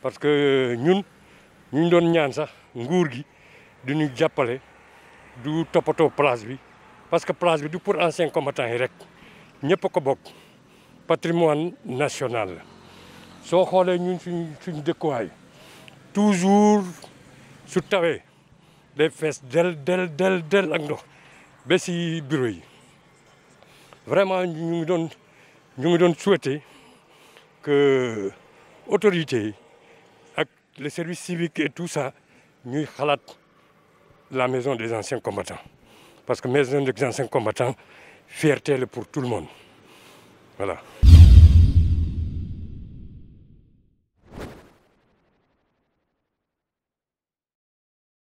parce que euh, ñun ñu ñu doon ñaan sax nguur gi du ñu jàppale du toppatoo place bi parce que place bi du pour anciens combattants yi rek ñëpp ko bokk patrimoine national la soo xoolee ñun suñ suñ dëkkuwaay toujours su tawee day fees del del del del ak ndox ba si bureau yi vraiment ñu ngi doon ñu ngi doon souhaiter que yi le service civique et tout ça ñuy xalaat la maison des anciens combattants parce que maison des anciens combattants fierté la pour tout le monde voilà